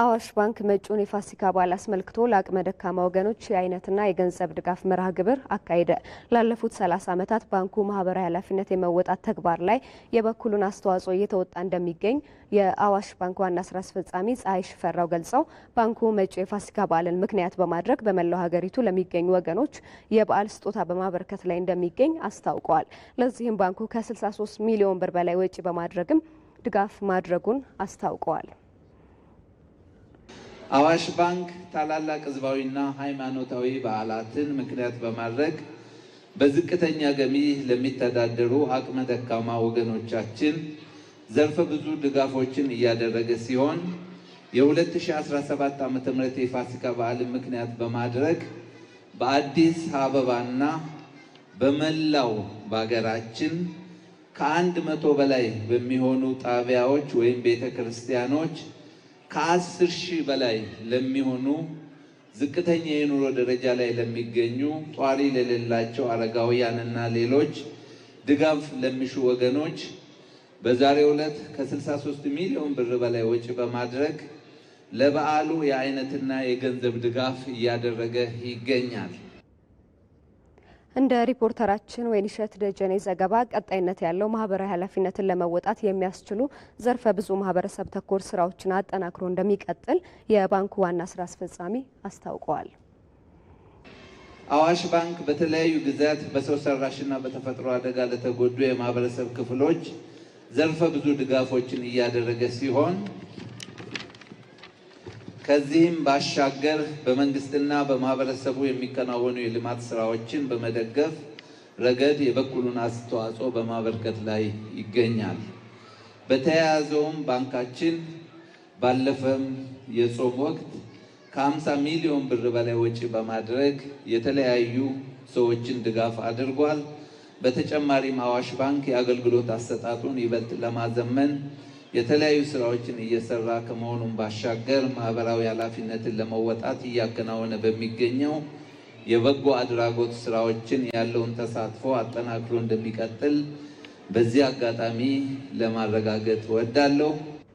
አዋሽ ባንክ መጪውን የፋሲካ በዓል አስመልክቶ ለአቅመ ደካማ ወገኖች የአይነትና የገንዘብ ድጋፍ መርሃ ግብር አካሄደ። ላለፉት 30 ዓመታት ባንኩ ማህበራዊ ኃላፊነት የመወጣት ተግባር ላይ የበኩሉን አስተዋጽኦ እየተወጣ እንደሚገኝ የአዋሽ ባንክ ዋና ስራ አስፈጻሚ ፀሐይ ሽፈራው ገልጸው ባንኩ መጪው የፋሲካ በዓልን ምክንያት በማድረግ በመላው ሀገሪቱ ለሚገኙ ወገኖች የበዓል ስጦታ በማበረከት ላይ እንደሚገኝ አስታውቀዋል። ለዚህም ባንኩ ከ63 ሚሊዮን ብር በላይ ወጪ በማድረግም ድጋፍ ማድረጉን አስታውቀዋል። አዋሽ ባንክ ታላላቅ ህዝባዊና ሃይማኖታዊ በዓላትን ምክንያት በማድረግ በዝቅተኛ ገቢ ለሚተዳደሩ አቅመ ደካማ ወገኖቻችን ዘርፈ ብዙ ድጋፎችን እያደረገ ሲሆን የ2017 ዓ.ም የፋሲካ በዓልን ምክንያት በማድረግ በአዲስ አበባና በመላው በሀገራችን ከአንድ መቶ በላይ በሚሆኑ ጣቢያዎች ወይም ቤተ ክርስቲያኖች ከአስር ሺህ በላይ ለሚሆኑ ዝቅተኛ የኑሮ ደረጃ ላይ ለሚገኙ ጧሪ ለሌላቸው አረጋውያንና ሌሎች ድጋፍ ለሚሹ ወገኖች በዛሬው ዕለት ከ63 ሚሊዮን ብር በላይ ወጪ በማድረግ ለበዓሉ የአይነትና የገንዘብ ድጋፍ እያደረገ ይገኛል። እንደ ሪፖርተራችን ወይንሸት ደጀኔ ዘገባ ቀጣይነት ያለው ማህበራዊ ኃላፊነትን ለመወጣት የሚያስችሉ ዘርፈ ብዙ ማህበረሰብ ተኮር ስራዎችን አጠናክሮ እንደሚቀጥል የባንኩ ዋና ስራ አስፈጻሚ አስታውቀዋል። አዋሽ ባንክ በተለያዩ ጊዜያት በሰው ሰራሽና በተፈጥሮ አደጋ ለተጎዱ የማህበረሰብ ክፍሎች ዘርፈ ብዙ ድጋፎችን እያደረገ ሲሆን ከዚህም ባሻገር በመንግስትና በማህበረሰቡ የሚከናወኑ የልማት ስራዎችን በመደገፍ ረገድ የበኩሉን አስተዋጽኦ በማበርከት ላይ ይገኛል። በተያያዘውም ባንካችን ባለፈም የጾም ወቅት ከ50 ሚሊዮን ብር በላይ ወጪ በማድረግ የተለያዩ ሰዎችን ድጋፍ አድርጓል። በተጨማሪም አዋሽ ባንክ የአገልግሎት አሰጣጡን ይበልጥ ለማዘመን የተለያዩ ስራዎችን እየሰራ ከመሆኑም ባሻገር ማህበራዊ ኃላፊነትን ለመወጣት እያከናወነ በሚገኘው የበጎ አድራጎት ስራዎችን ያለውን ተሳትፎ አጠናክሮ እንደሚቀጥል በዚህ አጋጣሚ ለማረጋገጥ እወዳለሁ።